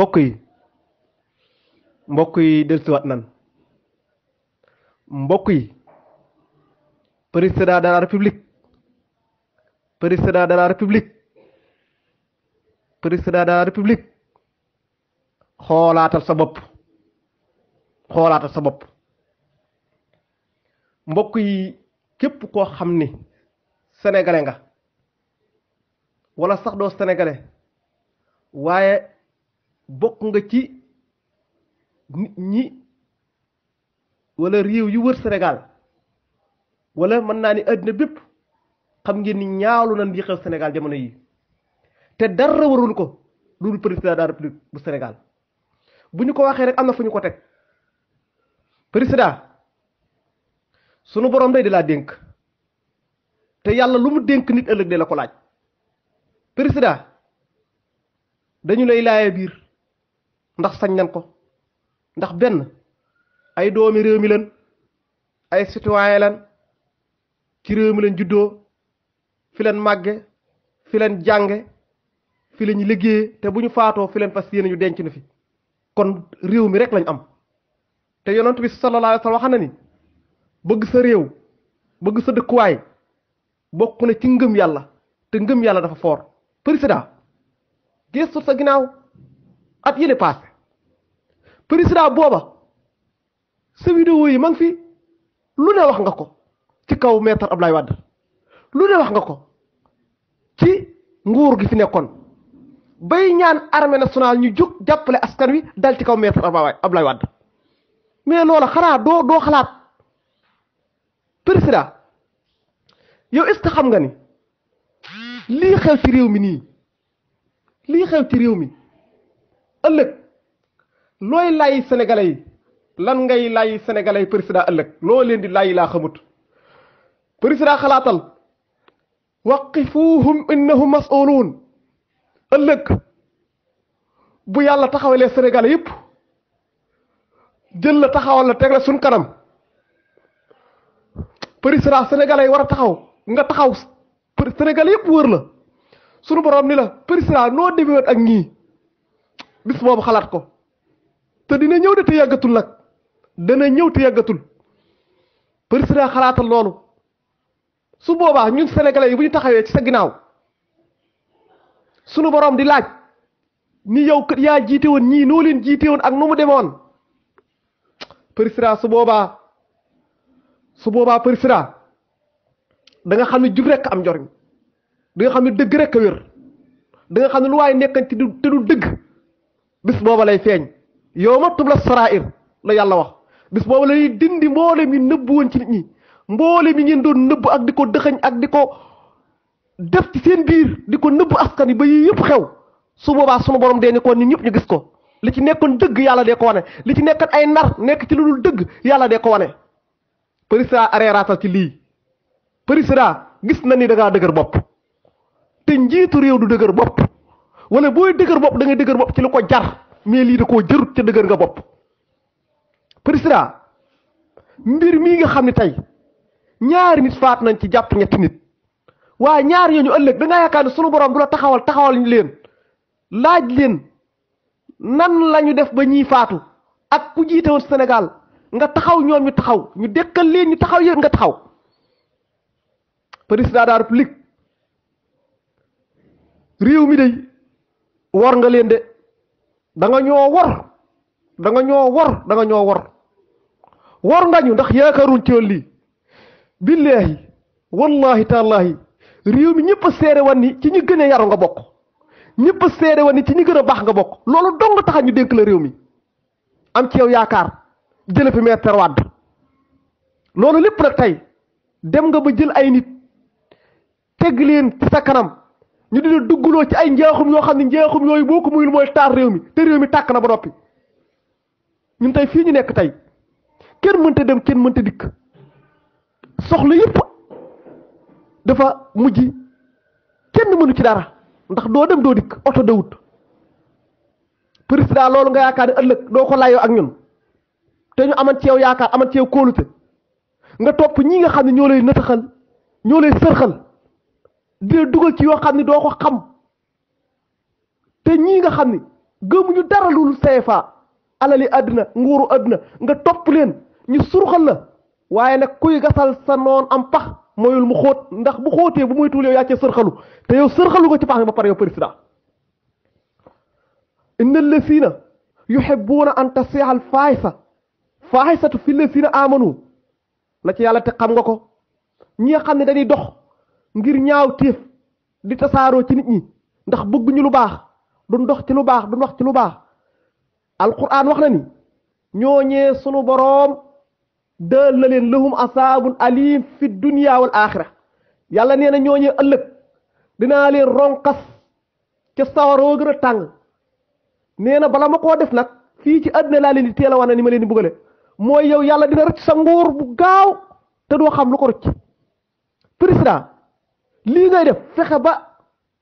mbokk yi mbokk yi dellusiwaat nan mbokk yi président de la république président de la république président xoolaatal sa bopp xoolaatal sa bopp mbokk yi képp koo xam ni sénégalais nga wala sax doo sénégalais waaye bokk nga ci nit ñi wala réew yu wër senegal walla mën naa ni àddina bépp xam ngeen ni ñaawlu nañ li xew jamono yi te dara warul ko loolu président de la république bu senegal bu ñu ko waxee rek am na fu ñu ko teg président sunu borom day di laa dénk te yàlla lu mu dénk nit ëllëg de la ko laaj président dañu lay laaya biir ndax sañ nañ ko ndax benn ay doomi réew mi lan ay citoyen lan ci réew mi lan juddoo fi leen màgge fi leen jànge fi lañu liggéeye te bu ñu faatoo fi leen fas yéene ñu denc na fi kon réew mi rek lañ am te yonent bi sallallahu alayhi wa na ni bëgg sa réew bëgg sa dëkkuwaay bokk na ci ngëm yàlla te ngëm yàlla dafa foor président geestu sa ginnaaw at yële paase président booba sa vidéo yi ma fi lu ne wax nga ko ci kaw maître Abdoulaye Wade lu ne wax nga ko ci nguur gi fi nekkoon bay ñaan armée nationale ñu jóg jàppale askan wi dal ci kaw maître Abdoulaye Wade mais loola xanaa doo doo xalaat président yow est-ce xam nga ni lii xew ci réew mi nii lii xew ci réew mi ëllëg looy lay sénégalais yi lan ngay lay sénégalais yi président ëllëg loo leen di lay laa xamut daa xalaatal waqifuuhum innahum mas'uluun ëllëg bu yàlla taxawalee sénégalais yëpp jël la taxawal la teg la suñ kanam président sénégalais yi war a taxaw nga taxaw sénégalais yëpp wër la sunu borom ni la président noo demee ak ñii bis boobu xalaat ko. te dina ñëw de te yàggatul nag dana ñëw te yàggatul président xalaatal loolu su boobaa ñun sénégalais yi bu ñu taxawee ci sa ginnaaw sunu borom di laaj ni yow kë yaa jiite woon ñii noo leen jiite woon ak nu mu demoon përsiraa su boobaa su boobaa président danga xam ne jub rek am njëriñ da xam ne dëgg rek a wér da xam ne lu waaye nekkanti te du dëgg bis booba lay feeñ. yawma tubla sarair la yàlla wax bis boobu la ñuy dindi mboolem yi nëbbu woon ci nit ñi mboolem yi ngeen doon nëbb ak di ko dëxañ ak di ko def ci seen biir di ko nëbb askan yi ba yii yëpp xew su boobaa sunu borom dee ni ko nit ñëpp ñu gis ko li ci nekkoon dëgg yàlla dee ko wane li ci nekkoon ay nar nekk ci lu dul dëgg yàlla dee ko wane président areeraatal ci lii président gis na ni da ngaa dëgër bopp te njiitu réew du dëgër bopp wala booy dëgër bopp da ngay ko jar mais lii de koo jërut ca dëgër nga bopp président mbir mii nga xam ne tey ñaari nit faat nañ ci jàpp ñetti nit waaye ñaar yooyu ñu ëllëg da ngaa yaakaar ne sunu borom du la taxawal taxawal ñu leen laaj leen nan la def ba ñii faatu ak ku jiite woon Sénégal nga taxaw ñoom ñu taxaw ñu dekkal leen ñu taxaw yéen nga taxaw président de république réew mi day war nga leen de danga nga ñoo wor da nga ñoo wor da nga ñoo wor wor nga ñu ndax yaakaaruñ ci lii billaahi wallaahi taalaahi réew mi ñëpp a seere wan ni ci ñi gën a yaru nga bokk ñëpp a seere wan ni ci ñi gën a baax nga bokk loolu dong tax ñu dénk la réew mi am ci yow yaakaar jële fi Maître Wade loolu lépp nag tey dem nga ba jël ay nit teg leen ci sa kanam ñu dina dugguloo ci ay njeexum yoo xam ne njeexum yooyu boo ko muyul mooy taar réew mi te réew mi tàkk na ba noppi ñun tey fii ñu nekk tey kenn mënta dem kenn mënta dikk soxla yëpp dafa mujj kenn mënu ci dara ndax doo dem doo dikk oto dawut président loolu nga yaakaar ne ëllëg doo ko layoo ak ñun te ñu aman ci yaakaar aman ci yow kóolute nga topp ñi nga xam ne ñoo lay nëtaxal ñoo lay sërxal dina dugal ci yoo xam ne doo ko xam te ñii nga xam ne gëmuñu dara lu CFA alali àdduna nguuru àdduna nga topp leen ñu surxal la waaye nag kuy gasal sa noon am pax moyul mu xóot ndax mu xóotee bu muy tuul yow yaa sërxalu te yow sërxalu ko ci pax mi ba pare yow président inna lesiina yuhibbuuna an tasihal faahisa fahisatu fi lesiina amanu la ci yàlla te xam nga ko ñi nga xam ne dañuy dox ngir ñaaw téef di tasaaroo ci nit ñi ndax bëgguñu lu baax du dox ci lu baax duñ wax ci lu baax alquran wax na ni ñooñee sunu boroom dël na leen lahum asaabun alim fi dunya wal axira yàlla nee na ñooñee ëllëg dinaa leen ronkas ca sawaroo gën a tàng nee na bala ma koo def nag fii ci àddina laa leen di teel a wane ni ma leen di bëggale mooy yow yàlla dina rëcc sa nguur bu gaaw te doo xam lu ko rëcc président lii ngay def fexe ba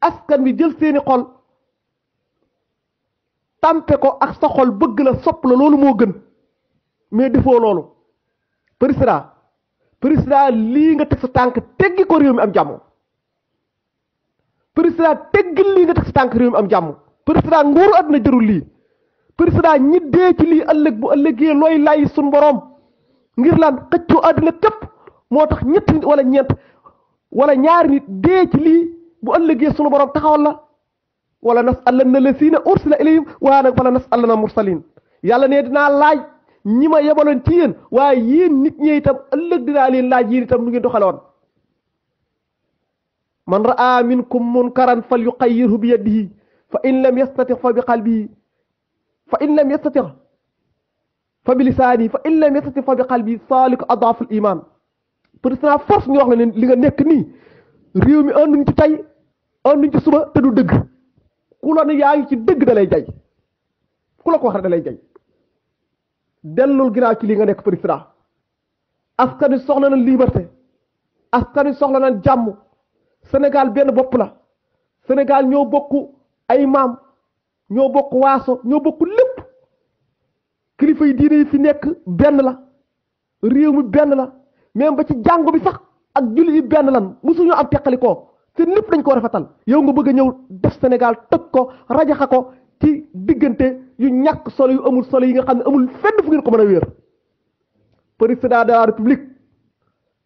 askan bi jël seeni xol tàmpe ko ak sa xol bëgg la sopp la loolu moo gën mais defoo loolu président président lii nga teg sa tànk teggi ko réew mi am jàmm président teggil lii teg sa tànk réew mi am jàmm président nguuru àdduna jërul lii président ñi dee ci lii ëllëg bu ëllëgee looy lay suñ boroom ngir laan xëccu àdduna képp moo tax ñett nit ñeent wala ñaari nit dee ci lii bu ëllëgee sunu borom taxawal la wala nas allanna lasina ursila ilayhim waaye nag wala nas allana mursalin yàlla ne dinaa laaj ñi ma yebaloon ci yéen waaye yéen nit ñi itam ëllëg dinaa leen laaj yéen itam nu ngeen doxale woon man raa minkum munkaran fal yuqayyirhu bi yadihi fa in lam yastati fa bi qalbihi fa in lam yastati fa bi lisaanihi fa in lam yastati fa bi qalbihi saaliku adaafu l président force ñu wax la leen li nga nekk nii réew mi ànduñ ci tey ànduñ ci suba te du dégg ku la ne yaa ngi ci dégg da lay jay ku la wax rek dalay lay jay dellul ginnaaw ci li nga nekk président askan wi soxla na liberté askan wi soxla na jàmm Sénégal benn bopp la Sénégal ñoo bokk ay maam ñoo bokk waaso ñoo bokk lépp kilifa yi diine yi fi nekk benn la réew mi benn la même ba ci jàngu bi sax ak julli yi benn lan musuñu am teqalikoo te lépp dañ ko rafetal yow nga bëgg a ñëw def Sénégal tëj ko rajaxa ko ci diggante yu ñàkk solo yu amul solo yi nga xam ne amul fenn fu ngeen ko mën a wéer président de la république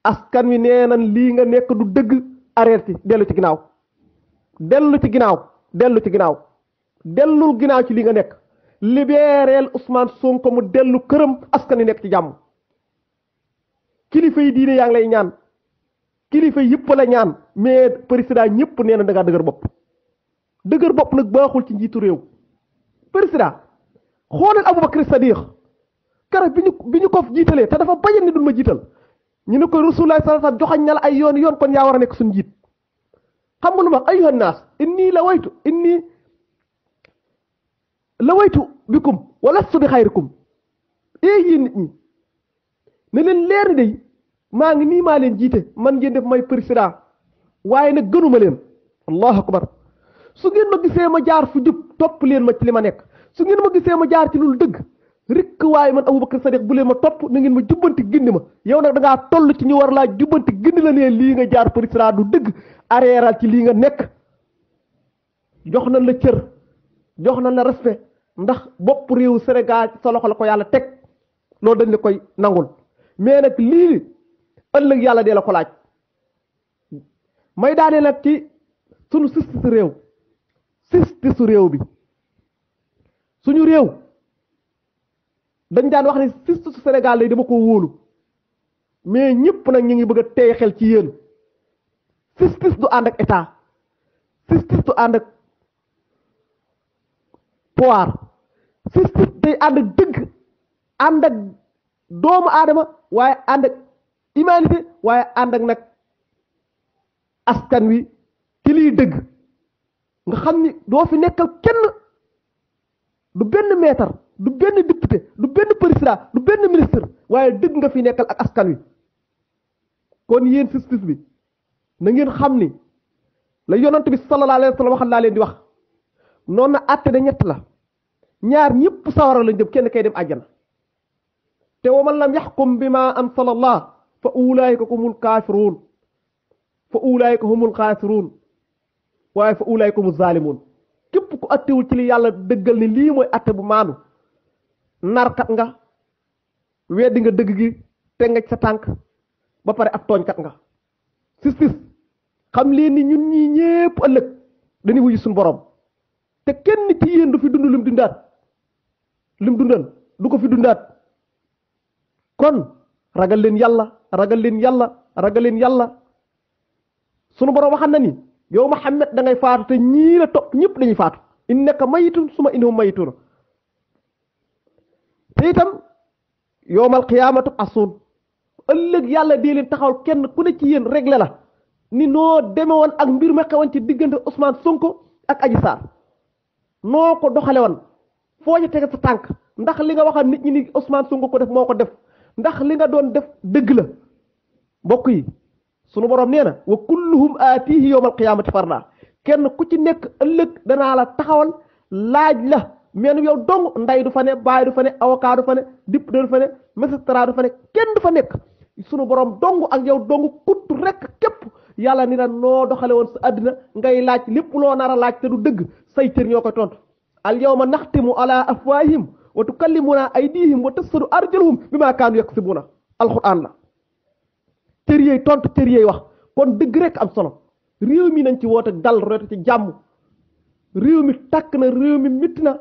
askan wi nee nan lii nga nekk du dëgg arrêté dellu ci ginnaaw dellu ci ginnaaw dellu ci ginnaaw dellu ginnaaw ci li nga nekk libéréel Ousmane Sonko mu dellu këram askan wi nekk ci jàmm kilifa yi diine yaa ngi lay ñaan kilifa yëpp la ñaan mais président ñëpp nee na da ngaa dëgër bopp dëgër bopp nag baaxul ci njiitu réew président xoolal Aboubacar Sadiq keroog bi ñu bi ñu ko jiitalee te dafa bañ ni ma jiital ñu ne ko Rasulullah sallallahu alayhi joxañ na la ay yoon yoon kon yaa war a nekk suñu jiit xam nga lu ma wax ayyuhan naas inni la waytu inni la waytu bikum wa lastu bi xayrikum ee eh yéen nit ñi ne leen leer ni maa ngi nii maa leen jiite man ngeen def may président waaye nag gënuma leen allahu akbar su ngeen ma gisee ma jaar fu jub topp leen ma ci li ma nekk su ngeen ma gisee ma jaar ci loolu dëgg rikk waaye man abubakar sadiq bu leen ma topp na ngeen ma jubbanti gindi ma yow nag da ngaa toll ci ñu war laa jubbanti gindi la ne lii nga jaar président du dëgg areeral ci lii nga nekk jox nañ la cër jox na la respect ndax bopp réewu Sénégal sa loxo la ko yàlla teg loolu dañ la koy nangul mais nag lii ëllëg yàlla dee la ko laaj may daane nag ci sunu sistisu réew sistisu réew bi suñu réew dañ daan wax ne sistisu Sénégal lay dama ko wóolu mais ñëpp nag ñu ngi bëgg a tey xel ci yéen sistis du ànd ak état sistis du ànd ak pouvoir sistis day ànd ak dëgg ànd ak doomu aadama waaye ànd ak humanité waaye ànd ak nag askan wi ci dëgg nga xam ni doo fi nekkal kenn du benn meetar du benn député du benn président du benn ministre waaye dëgg nga fi nekkal ak askan wi kon yéen justice bi na ngeen xam ni la yonent bi sallallahu alayhi wa sallam waxal laa leen di wax noonu na àtte da ñett la ñaar ñëpp sawara lañ jëm kenn kay dem àjjana te wa man lam yaxkum bi ma am allah fa ko humul kaafiruun fa ulaayika humul xaasiruun waaye fa ulaayika humul zaalimuun képp ku attewul ci yàlla dëggal ni lii mooy atte bu maandu narkat nga weddi nga dëgg gi te nga sa tànk ba pare ab tooñkat nga sis sis xam leen ni ñun ñii ñépp ëllëg dañuy wuyu suñu borom te kenn ci yéen du fi dund lim dundaat lim dundal du ko fi dundaat kon ragal leen yàlla ragal leen yàlla ragal leen yàlla sunu borom waxam na ni yow Muhammad da ngay dangay te ñii la topp ñëpp dañuy faatu innaka mayitun suma innahum mayitun te itam yowmal qiyaamatu asuun ëllëg yàlla dee leen taxawal kenn ku ne ci yéen réglé la ni noo deme won ak mbir ma xewoon ci diggante usmaan Sonko ak Adji Sarr noo ko doxale woon foo ci tege sa tànk ndax li nga waxoon nit ñi ni Ousmane Sonko ko def moo ko def ndax li nga doon def dëgg la mbokk yi sunu borom nee na wa kulluhum aatihi yowma alqiyaamati farda kenn ku ci nekk ëllëg danaa la taxawal laaj la men yow dong nday du fa ne baay du fa ne avocat du fa ne député fa ne magistrat du fa ne kenn du fa nekk sunu borom dong ak yow dong kutt rek képp yàlla ni la noo doxale woon sa àddina ngay laaj lépp loo nar a laaj te du dëgg say cër ñoo koy tontu al yawma naxtimu ala afwaahim wa tukallimuna aydihim wa tasfadu arjuluhum bima kaanu yaksibuna alxuraan la tër yeey tontu tër yeey wax kon dëgg rek am solo réew mi nañ ci woote dal roota ci jàmm réew mi tàkk na réew mi mitti na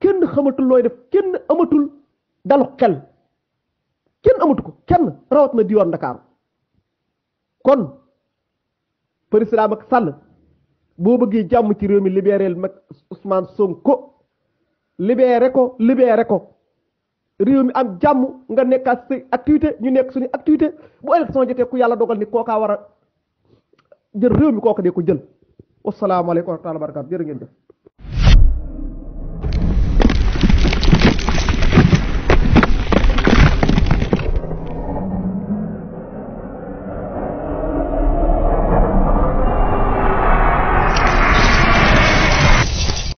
kenn xamatul looy def kenn amatul dalu xel kenn amatu ko kenn rawat na diwaan Ndakaaru kon président Macky Sall boo bëggee jàmm ci réew mi libéral Macky Ousmane Sonko libéré ko libéré ko réew mi am jàmm nga nekkaat sa activité ñu nekk suñu activité bu élection jotee ku yàlla dogal ni kookaa war a jël réew mi kooka dee ko jël wasalaamaaleykum wa rahmatulah barakaatu jërë ngeen jëf